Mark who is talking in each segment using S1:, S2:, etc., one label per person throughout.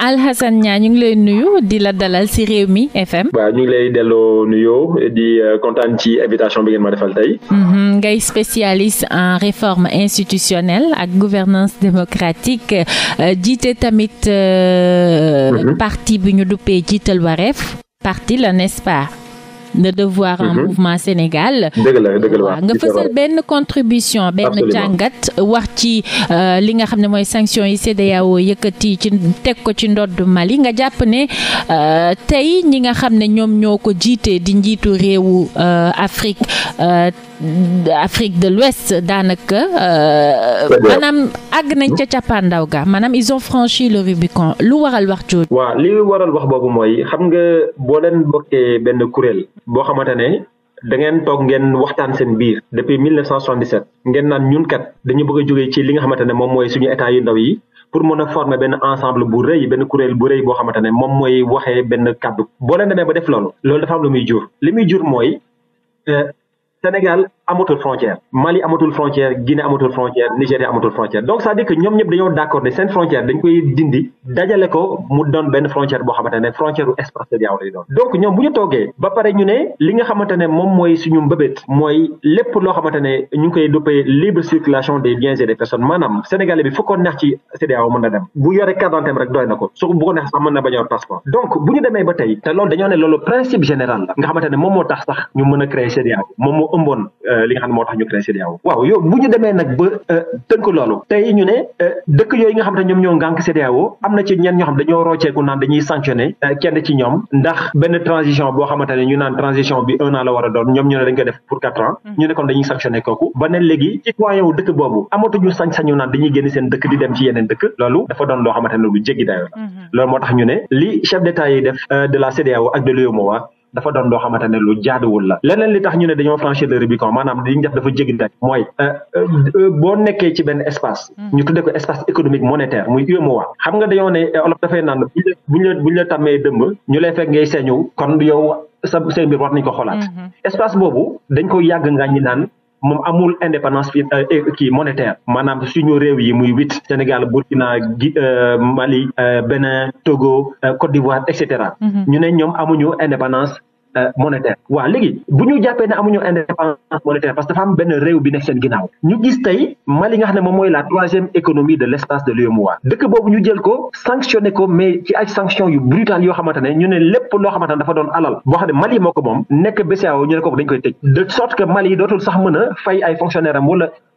S1: Alhassane Niang ñu ngi lay nuyu di la dalal ci Rewmi FM.
S2: waaw ñu ngi lay delloo nuyoo di euh, kontaan ci invitation bi ngeen ma defal tey.
S1: Mm-hmm, ngay spécialiste en réforme institutionnelle ak gouvernance démocratique euh, jiite tamit. Euh, mm-hmm. parti bi ñu duppee jiital wareef. parti la nest de devoir en mhm. mouvement Sénégal. nga fësal benn contribution benn jàngat wax ci euh, li nga xam ne mooy sanction yi CEDEAO yëkkati ci teg ko ci ndodd Mali nga jàpp ne euh, tey ñi nga xam ne ñoom ñoo ko jiitee di njiitu réewu euh, Afrique Afrique de l'Ouest daanaka euh, maanaam àgg nañ ca cappaandaw ga maanaam ils ont franchi le Rubicon lu waral wax
S2: jooju. waaw li waral wax boobu mooy xam nga boo leen bokkee benn kuréel boo xamante ne da ngeen toog ngeen waxtaan seen biir depuis mille 1977 ngeen naan ñun kat dañu bëgg a jógee ci li nga xamante ne moom mooy suñu état yu ndaw yi pour mën a former benn ensemble bu rëy benn kuréel bu rëy boo xamante ne moom mooy waxee benn kàddu boo leen demee ba def loolu loolu dafa am lu li muy jur mooy euh, Sénégal amatul frontière Mali amatul frontière Guinée amatul frontière Nigéria amatul frontière donc c'est-à-dire que ñoom ñëpp dañoo d'accord ne seen frontière dañ koy dindi dajale ko mu doon benn frontière boo xamante ne frontière u espace CEDEAO donc ñoom bu ñu toogee ba pare ñu ne li nga xamante ne moom mooy suñu mbëbët mooy lépp loo xamante ne ñu ngi koy duppee libre circulation des biens et des personnes maanaam Sénégalais bi fu ko neex ci CEDEAO mën na ko su bu ko neex sax mën na bañ a yor passeport donc te loolu dañoo ne loolu principe nga xamante ne moom moo tax sax ñu mën a créer CEDEAO ëmboon euh, li nga xam moo tax ñu créé CEDEAO waaw yow bu ñu demee nag ba euh, tënk loolu tey ñu ne euh, dëkk yooyu nga xam ne ñoom ñoo ngànk am na ci ñenn ñoo xam dañoo rocceeku naan dañuy sanctionné kenn ci ñoom ndax benn transition boo xamante ñu naan transition bi un an la war a doon ñoom ñu ne def pour quatre ans mm. ñu ne kooku ba ne léegi citoyen wu dëkk boobu amatuñu sañ-sañu naan dañuy génn seen dëkk di dem ci yeneen dëkk loolu dafa doon loo dafa doon loo xamante ne lu jaaduwul la leneen li tax ñu ne dañoo franchir le Rubicon maanaam li ñu def dafa jéggi daj mooy euh, euh, euh, boo nekkee ci benn espace mm. ñu tuddee ko espace économique monétaire muy UEMOA xam nga dañoo ne olof dafay naan buñ la buñ la tàmmee dëmb ñu lay fekk ngay seeñu kon yow sa say mbir war nañ ko xoolaat mm-hmm. espace boobu dañ ko yàgg nga naan moom amul indépendance fi euh, kii monétaire maanaam suñu réew yi muy huit Sénégal Burkina euh, Mali euh, Bénin Togo Côte d'Ivoire et cetera mm-hmm. ñu ne ñoom amuñu indépendance Euh, monétaire wa léegi bu ñu jàppee ne amuñu indépendance monétaire parce que dafa am benn réew bi nekk seen ginnaaw ñu gis tey Mali nga xam ne moom mooy la troisième économie de l' espace de l'UEMOA dëkk boobu ñu jël ko sanctionné ko mais ci ay sanction yu brutal yoo xamante ne ñu ne lépp loo xamante dafa doon alal boo xam ne Mali moo ko moom nekk BCEAO ñu ne kooku dañ koy tëj de sorte que Mali dootul sax mën a fay ay fonctionnaire am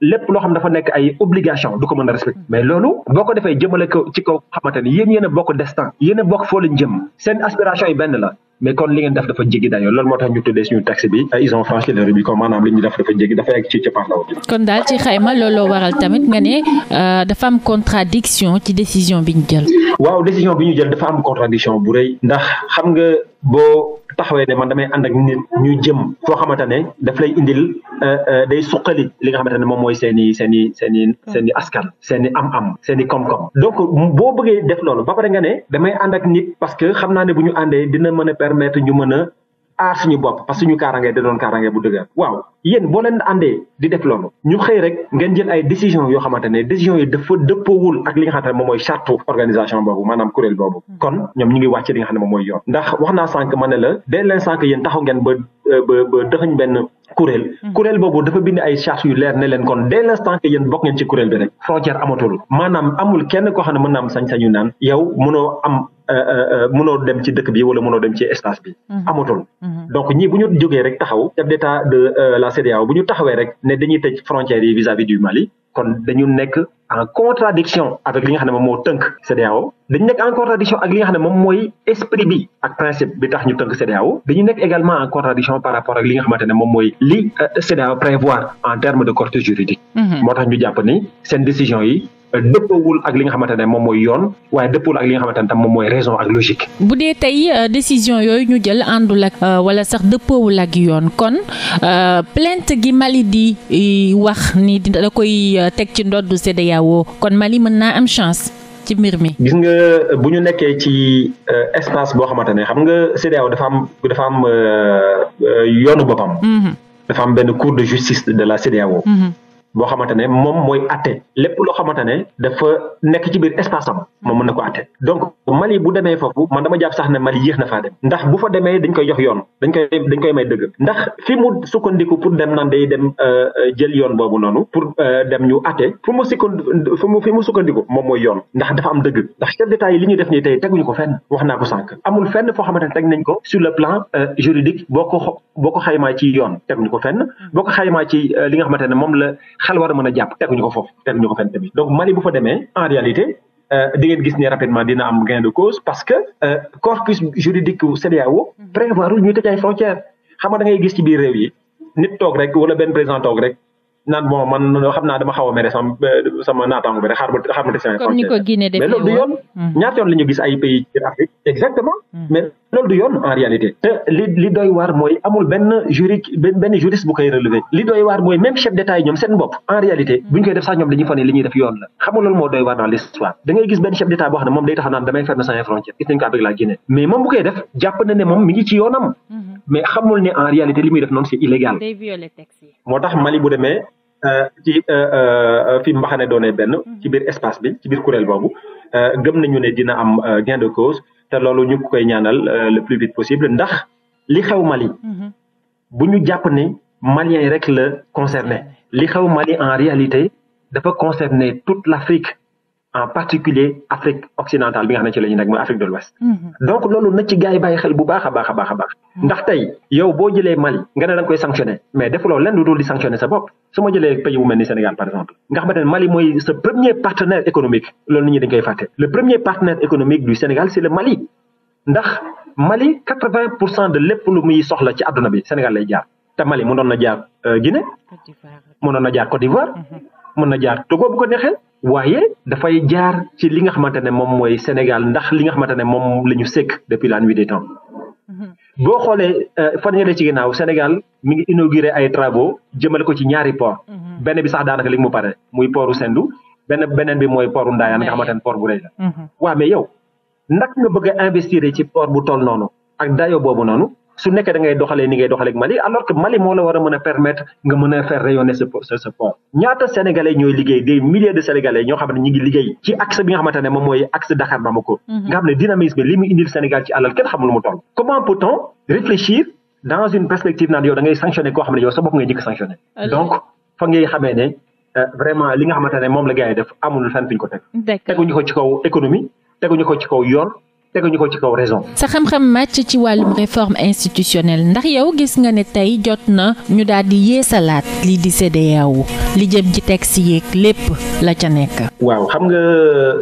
S2: lépp loo xam dafa nekk ay obligation ko mën a respecté mais loolu boo defee jëmale ko ci kaw xamante ne yéen yéen a bokk destin yéen a bokk foo leen jëm seen aspiration yi benn la mais kon li ngeen def dafa jéggi dañoo loolu moo tax ñu tuddee suñu taxe bi ils ont franchi le Rubicon maanaam li ñu dafa jéggi dafa yegg ci ca par
S1: kon daal ci xayma looloo waral tamit nga ne euh, dafa am contradiction ci décision bi ñu jël.
S2: waaw décision bi ñu jël dafa am contradiction bu rëy ndax xam nga boo taxawee ne man damay ànd ak nit ñuy jëm foo xamante ne daf lay indil euh, euh, day suqali li nga xamante ne moom mooy seen i seen i seen i seen i askan seen i am-am seen i koom-koom donc boo bëggee def loolu ba pare nga ne damay ànd ak nit parce que xam naa ne bu ñu àndee dina mën a permettre ñu mën a aar suñu bopp parce que suñu kaaraange da doon kaaraange bu dëgër waaw yéen boo leen àndee di def loolu ñu xëy rek ngeen jël ay décision yoo xamante ne décisions yi dafa dëppoowul ak li nga xamante ne moom mooy charte organisation boobu maanaam kuréel boobu hmm. kon ñoom ñu ngi wàcc li nga xam ne moom mooy yoon ndax wax naa ma ne la dès l'instant que yéen taxaw ngeen ba euh, ba ba dëxëñ benn kuréel hmm. dafa bind ay chartes yu leer ne leen kon dès l'instant que yéen bokk ngeen ci kuréel bi rek frontière amatul maanaam amul kenn koo xam ne mën na am Euh, euh, euh, mënoo dem ci dëkk bi wala mënoo dem ci espace bi. Mhm. amatul mhm. donc ñii bu ñu jógee rek taxaw chef d'état de la CEDEAO bu ñu taxawee rek ne dañuy tëj frontières yi vis vis du Mali. kon dañu nekk en contradiction avec li nga xam ne moom moo ak principe bi tax ñu tënk CEDEAO dañu nekk également en contradiction par rapport ak li nga xamante ne moom mooy li CEDEAO prévoir en termes de portée juridique mhm. moo tax ñu jàpp ni décision yi dëppawul ak li nga xamante ne moom mooy yoon waaye dëppawul ak li nga xamante ne tam moom mooy raison ak logique.
S1: bu dee tey euh, décision yooyu ñu jël àndul ak euh, wala sax dëppoowul ak yoon kon euh, plainte gi Mali di wax ni da koy teg ci ndoddu CEDEAO kon Mali mën naa am chance. ci mbir mi
S2: gis nga bu ñu nekkee ci espace boo xamante ne xam nga CEDEAO dafa am dafa am yoonu boppam. Mhm. dafa am benn cour de justice de la CEDEAO. Mhm. boo xamante ne moom mooy atte lépp loo ne dafa nekk ci biir espace am moom mën na ko atte donc Mali bu demee foofu man dama jàpp sax ne Mali yéex na faa dem ndax bu fa demee dañ koy jox yoon dañ koy dañ koy may dëgg ndax fi mu sukkandiku pour dem nan day dem euh, euh, jël yoon boobu noonu pour euh, dem ñu atte fu mu sukkand fu mu fi mu sukkandiku moom mooy yoon ndax dafa am dëgg ndax chef d'état yi li ñuy def nii tey teguñu ko fenn wax naa ko sànq amul fenn foo xamante ne teg nañ ko sur le plan juridique boo ko boo ko xaymaa ci yoon teguñu ko fenn boo ko xaymaa ci li nga xamante ne xel war a mën a jàpp teguñu ko foofu teguñu ko fenn tamit donc Mali bu fa demee en réalité euh, di ngeen gis ne rapidement dina am gain de cause parce que euh, corpus juridique CEDEAO mhm. prévoirul ñu tëj ay frontières xam nga da gis ci biir réew yi nit toog rek wala benn président toog rek naan bon man xam naa dama xaw a mere sama eh, sama naataango bi rek xaar ma xaar ma sama comme hmm. yoon la ñu gis ay hmm. doy waar mooy amul benn juridique benn juriste bu koy relever li doy mooy même chef d'état yi ñoom seen bopp en réalité hmm. bu ñu koy def sax doy waar dans l'histoire da gis benn chef d'état boo xam ne moom day taxaw naan damay fermer sama frontière gis mais moom bu koy def jàpp na ne moom mi ci yoonam mais xamul ne en réalité li Euh, ci euh, euh, fi mbaxane doone benn mhm. ci biir espace bi ci biir kuréel boobu gëm nañu ne dina am gain de cause te loolu ñu koy ñaanal le plus vite possible ndax li xew Mali mhm. bu ñu jàpp ne Maliens yi rek la concerné li xew Mali en réalité dafa concerner toute l'Afrique en particulier Afrique occidentale bi nga xam ne ci la ñu nekk mooy Afrique de l'Ouest mhm. donc loolu na ci gars yi bàyyi xel bu a baax a baax a mhm. ndax tey yow boo jëlee Mali nga ne da koy sanctionné mais defuloo lenn lu dul sa bopp su ma jëlee pays bu ni Sénégal par exemple nga xamante ne Mali mooy sa premier partenaire économique loolu nit ñi dañ le premier partenaire économique du Sénégal c'est le Mali ndax Mali quatre-vingt pour cent de lépp waaye dafay jaar ci li nga xamante ne moom mooy Sénégal ndax li nga xamante ne moom la ñu sekk depuis la nuit des temps mhm. boo xoolee euh, fan yële ci ginnaaw Sénégal mi ngi inauguré ay travaux jëmale ko ci ñaari port mhm. benn bi sax daanaka li mu pare muy portu Sendou benn beneen bi mooy portu Ndayane nga xamante ne port bu rëy la. Mhm. waaw mais yow ndax nga bëgg a ci port bu toll noonu ak dayo boobu noonu. su nekkee dangay ngay doxalee ni Mali alors que Mali moo la war a mën a permettre nga mën a faire rayonner ce ce pont ñaata sénégalais ñooy liggéey des milliers de sénégalais ñoo xam ne ñu ngi liggéey ci axe bi nga xamante ne moom mooy axe Dakar Bamako mhm. nga xam ne dynamisme li mu indil Sénégal ci ne yow euh, li nga xamante ne moom la gars yi def amul fenn fi ñu ko teg teguñu ko ci kaw économie teguñu ko ci kaw yoon teguñu ko ci kaw raison.
S1: sa xam-xam màcc ci wàllum réforme institutionnelle ndax yow gis nga ne tey jot na ñu daal di yeesalaat lii di CEDEAO li jëm ci texte yeeg lépp la ca nekk.
S2: waaw xam nga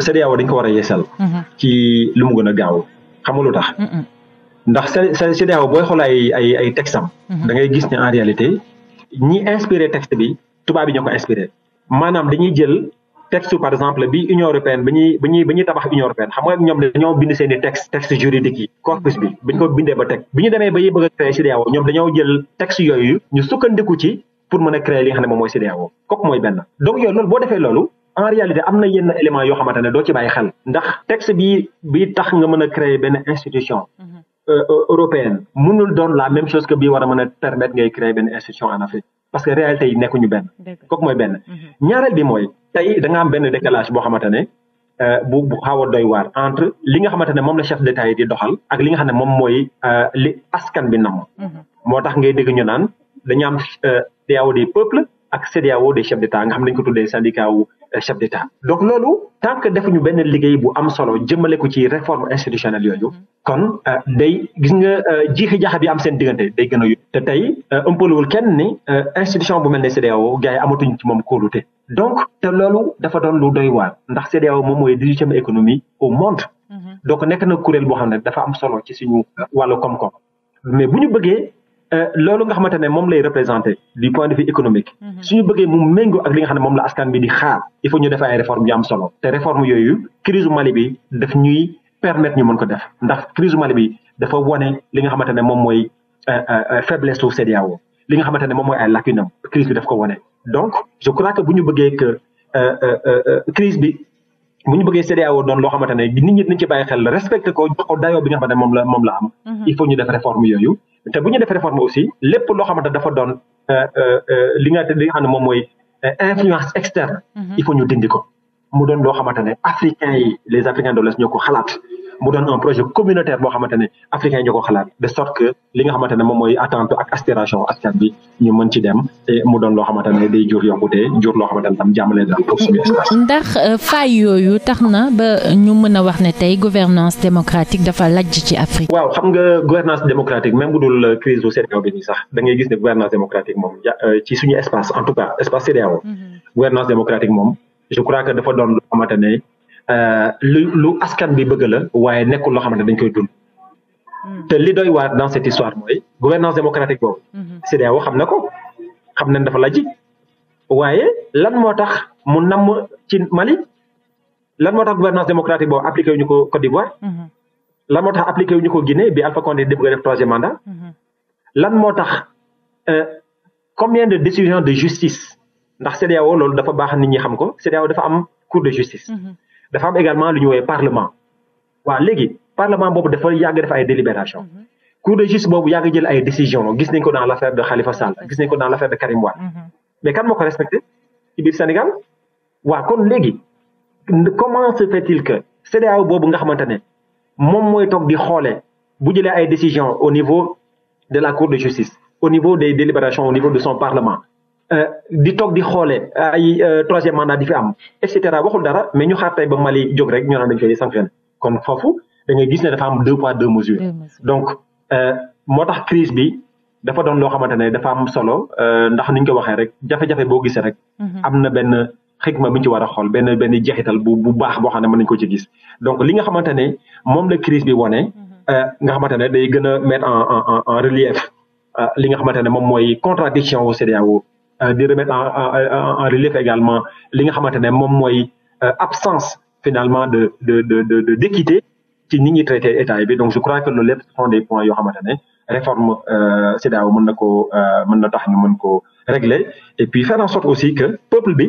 S2: CEDEAO dañ ko war a yeesal. Mhm. ci lu mu gën a gaaw xam nga lu tax. Mhm. ndax CEDEAO booy xool ay ay ay texte am. Mhm. da ngay gis ne en réalité ñi inspiré texte bi tubaab yi ñoo ko inspiré maanaam dañuy jël. texte par exemple bi union européenne bi ñuy bi tabax union européenne xam nga ñoom dañoo bind seen i texte juridique yi corpus bi bi ñu bindee ba teg bi demee ba yi bëgg a créé CEDEAO ñoom dañoo jël texte yooyu ñu sukkandiku ci pour mën créer li nga xam ne moom mooy CEDEAO mooy benn donc yooyu loolu boo defee loolu en réalité am na yenn éléments yoo xamante doo ci bàyyi xel ndax texte bi bi tax nga mën créer benn institution mhm. euh, européenne mënul la même parce que réalité yi nekkuñu benn. kooku mooy benn. Mhm. ñaareel bi mooy tey da nga am benn décalage boo xamante ne euh, bu bu xaw a doy waar entre li nga xamante ne moom la chef d'État yi di doxal ak li nga xam ne moom mooy euh, li askan bi nam mhm. moo tax ngay dégg ñu naan dañu am CEDEAO euh, des peuples ak CEDEAO des chefs d'État nga xam ne dañu ko tuddee Euh, chef d'État donc loolu tant que defuñu benn liggéey bu am solo jëmale ko ci réforme institutionnelle yooyu mhm. kon euh, day gis nga euh, jiixi jaaxa bi am seen diggante day gën a yóbbu te tey ëmpaluwul kenn ni institution bu mel ne CEDEAO gars yi amatuñ ci moom kóolute donc te loolu dafa doon lu doy waar ndax CEDEAO moom mooy dix-huitième économie au monde mhm. donc nekk na kuréel boo xam ne dafa am solo ci suñu wàllu koom-koom mais bu bëggee Euh, loolu nga xamante ne moom lay représenté du point de vue économique mhm. suñu bëggee mu méngoo ak li nga xam ne moom la askan bi di am solo te réforme yooyu crise Mali ñuy permettre ñu mën ko def ndax crise Mali bi dafa wane li nga xamante ne moom mooy euh, euh, faiblesse su CEDEAO li nga xamante ne moom mooy ay lacune am bi daf ko wane donc je crois que bu ñu bëggee bi bu loo xamante ne nit ñi xel respecté ko moom la moom la am mhm. il faut ñu def réforme yooyu te bu ñu def réforme aussi lépp loo xamante dafa doon euh, euh, euh, li nga li nga xam ne moom mooy influence externe. Mhm. il faut ñu dindi ko mu doon loo xamante ne africains yi les africains de l'Ouest ñoo ko xalaat. mu doon un projet communautaire boo xamante ne africain ñoo ko xalaat de sorte que li nga xamante ne moom mooy attente ak aspiration askan bi ñu mën ci dem te mu doon loo xamante ne day jur yokkute jur loo xamante ne tam jàmmale daal
S1: pour ndax euh, faay yooyu tax na ba ñu mën a wax ne tey gouvernance démocratique dafa lajj ci Afrique.
S2: waaw xam nga gouvernance démocratique même bu dul euh, crise bu CEDEAO bi nii sax da gis ne gouvernance démocratique moom euh, ci suñu espace Euh, lu lu askan bi bëgg la waaye nekkul loo xamante dañ koy dund. Hmm. te li doy waar dans cette histoire mooy gouvernance démocratique boobu. CEDEAO xam na ko xam nañ dafa la waaye lan moo tax mu namm ci Mali lan moo tax gouvernance démocratique boobu appliqué wu ñu ko Côte d'Ivoire. lan moo tax appliqué wu ñu ko Guinée bi Alpha Condé a def troisième mandat. lan moo euh, de décisions de justice ndax CEDEAO loolu dafa baax nit ñi xam ko CEDEAO dafa am cour de justice. dafa am également lu ñu woowee parlement waaw léegi parlement boobu dafa yàgg def ay délibération mhm. cour de justice boobu yàgg jël ay décision gis nañ ko dans l' affaire de Khalifa Sall gis nañ ko dans l' mhm. respecté ci Sénégal waaw kon léegi comment se fait-il que CEDEAO boobu nga xamante ne moom mooy toog di xoolee bu jëlee ay décision au niveau de la cour de justice au niveau des délibérations au niveau de son parlement Euh, di toog di xoole ay euh, troisième mandat di fi am et cetera waxul dara mais ñu xaar tey ba Mali jóg rek ñu naan dañu koy sanctionné kon foofu da ngay gis ne dafa am deux poids deux mesures donc euh, moo tax crise bi dafa doon loo xamante ne dafa am solo ndax niñ ko waxee rek jafe-jafe boo gisee rek mhm. am na benn xikma ma ñu ci war a xool benn benn jeexital bu bu baax boo xam ne mën nañu ko ci gis donc li nga xamante ne moom la crise bi wane mhm. nga xamante ne day gën a mettre en en en relief li nga xamante ne moom mooy contradiction au CEDEAO Euh, di remettre en relief également li nga xamante ne moom mooy euh, absence finalement de de de de d'équité ci ni ñuy traité état bi donc je crois que loolu lépp ce sont des points yoo xamante ne réforme euh, CEDEAO mën na ko mën na tax ñu mën ko régler et puis faire en sorte aussi que peuple bi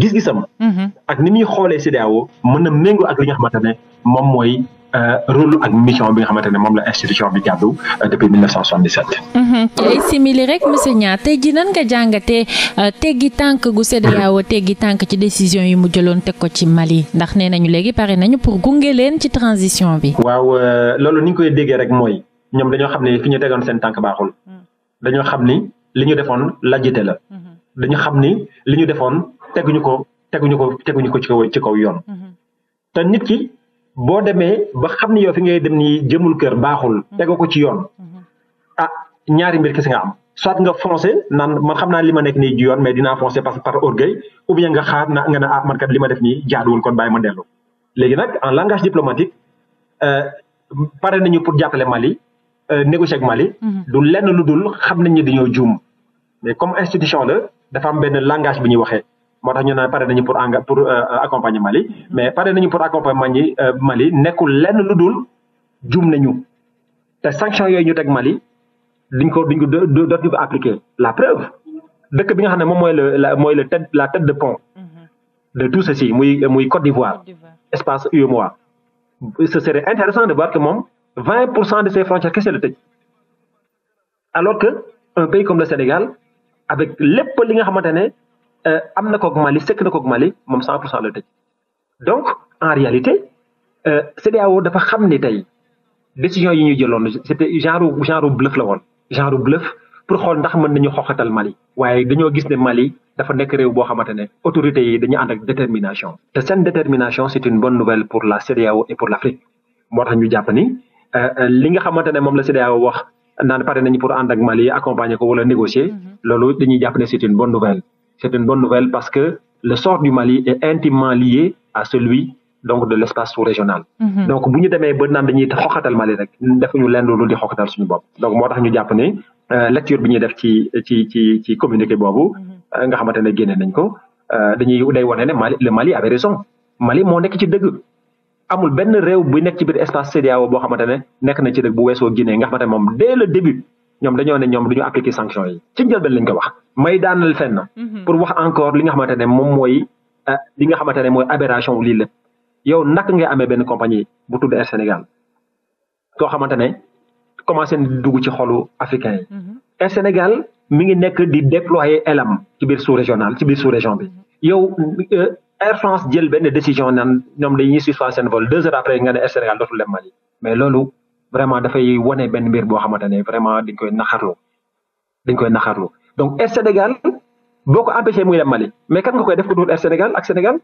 S2: gis-gisam. Mm-hmm. ak ni muy xoolee CEDEAO mën na méngoo ak li nga xamante ne moom mooy. Euh, rôle ak mission bi nga xamante ne moom la institution bi gàddu euh, depuis 1977.
S1: ay mhm. simili rek monsieur Niang tey ji euh, teggi tànk gu CEDEAO teggi tànk ci décision yi mu jëloon teg ko ci Mali ndax nee nañu léegi pare nañu pour gunge leen ci transition bi.
S2: waaw loolu ni koy déggee rek mooy ñoom dañoo xam ne fi ñu tegoon seen tànk baaxul. Mm. dañoo xam ni li ñu defoon lajjite la. Mm-hmm. dañu xam ni li ñu defoon teguñu ko teguñu ko teguñu ko ci kaw ci kaw yoon. Mm-hmm. te nit ki. boo demee ba xam ni yow fi ngay dem nii jëmul kër baaxul mm-hmm. tegu ko ci yoon mm-hmm. ah ñaari mbir kese nga am soit nga foncé naan man xam naa li ma nekk nii ji yoon mais dinaa foncé parce que par orgueil ou bien nga xaar na nga ne ah, man kat li ma def nii jaaduwul kon bàyyi ma dellu léegi nag en langage diplomatique euh, pare nañu pour jàppale Mali euh, négocier ak Mali mm-hmm. du lenn lu dul xam nañ ni dañoo juum mais comme institution la dafa am benn langage bi ñuy moo tax ñu naan pare nañu pour enga pour euh, euh, accompagner Mali mais pare nañu pour accompagner euh, Mali nekkul lenn lu dul jum nañu te sanction yooyu ñu teg Mali duñ ko duñ ko appliquer la preuve dëkk bi nga xam ne moom mooy la mooy le tête la de pont mm-hmm. de tout ceci muy muy Côte d'Ivoire espace UEMOA ce serait intéressant de voir que moom vingt pour cent de ses frontières kese la tëj alors que un pays comme le Sénégal avec lépp li nga ne Euh, am na koog Mali sekk na koog Mali moom 100 pour cent la tëj euh, e dafa xam ni tey décision yi ñu jëloon c'était genre genre bluff la woon genre bluff pour xool ndax mën nañu xoxatal Mali waaye dañoo gis ne Mali dafa nekk réew boo xamante ne autorités yi dañu ànd ak détermination te seen détermination c'est une nouvelle pour la CEDEAO et pour l'Afrique moo tax ñu jàpp ni euh, li nga xamante ne moom la CEDEAO wax naan pare nañu pour ànd ak Mali accompagner ko wala négocier mm-hmm. loolu dañuy jàpp c'est une bonne nouvelle parce que le sort du Mali est intimement lié à celui donc de l'espace sous-régional. Mhm. donc bu ñu demee ba naan dañuy xoxatal Mali rek defuñu lenn lu di xoxatal suñu bopp. donc moo tax ñu jàpp ne euh, lecture bi ñuy def ci communiqué boobu. Mhm. Euh, nga xamante ne génne ko euh, dañuy day wane ne Mali le Mali avait Mali moo nekk ci dëgg. amul benn réew bu nekk ci biir espace CEDEAO boo xamante ne nekk na ci dëgg bu weesoo Guinée nga xamante ne ñoom dañoo ne ñoom du ñu appliquer sanction yi ci njëlbeen lañ ko wax may daanal fenn. Mhm. pour wax encore li nga xamante ne moom mooy euh, li nga xamante ne mooy yow naka ngay amee benn compagnie bu tudd Air Sénégal koo xamante ne commencé na dugg ci xolu africain yi. Mhm. Air Sénégal mi ngi nekk di déployer elam ci biir sous régional ci biir sous région bi yow euh, Air France jël benn décision naan ñoom dañuy suspendre seen vol deux heures après Air Sénégal dootul dem Mali mais vraiment dafay wane benn mbir boo xamante ne vraiment dañ koy naxarlu dañ koy naxarlu donc Air Sénégal boo ko empêché muy dem Mali mais kan nga koy def ko dul Air Sénégal ak Sénégal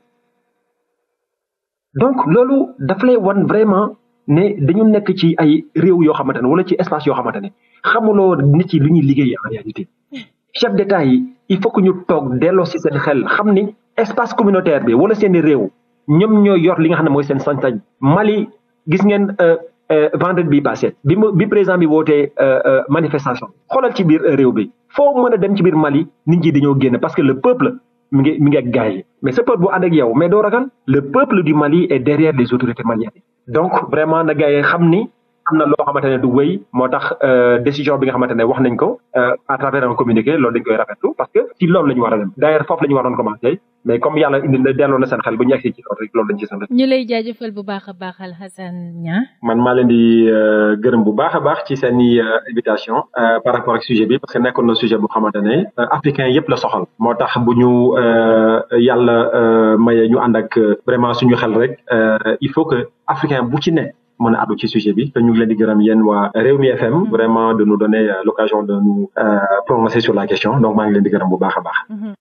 S2: donc loolu daf lay wan vraiment ne dañu nekk ci ay réew yoo xamante ne wala ci espace yoo xamante ne xamuloo nit yi lu ñuy liggéey en réalité chef d'état yi il faut ñu toog delloo si xel xam ni espace communautaire bi wala seen i réew ñoom ñoo yor li nga xam ne mooy seen sañ-sañ Mali gis ngeen euh, Euh, vendredi bi passé bi ma bi président wootee euh, euh, manifestation xoolal ci biir réew bi foo mën a dem ci biir Mali ni ñi dañoo génn parce que le peuple mi ngi mi ngi ak gars yi mais ce peuple bu ànd ak yow mais doo ragal le peuple du Mali est derrière les autorités maliennes donc vraiment na gars xam ni am na loo xamante ne du wéy moo tax décision bi nga xamante ne wax nañ ko à travers un communiqué loolu dañ koy rafetlu parce que ci loolu la ñu a dem d'ailleurs foofu la ñu waroon commencé mais comme yàlla indi na delloo na seen xel bu ñu yegsee ci loolu rek loolu lañ ci sant.
S1: ñu lay jaajëfal bu baax a baax Alhassane Niang.
S2: man maa leen di euh, gërëm bu baax a baax ci seen i euh, invitation euh, par rapport ak sujet bi parce que nekkoon a sujet boo xamante ne africain yëpp la soxal moo tax bu ñu yàlla maye ñu ànd ak vraiment suñu xel rek il faut que africain bu ci nekk mën a addu ci sujet bi te ñu ngi leen di gërëm yéen waa mi FM mm-hmm. vraiment de nous donner l'occasion de nous prononcer sur la question donc maa ngi leen di gërëm bu baax a baax mm-hmm.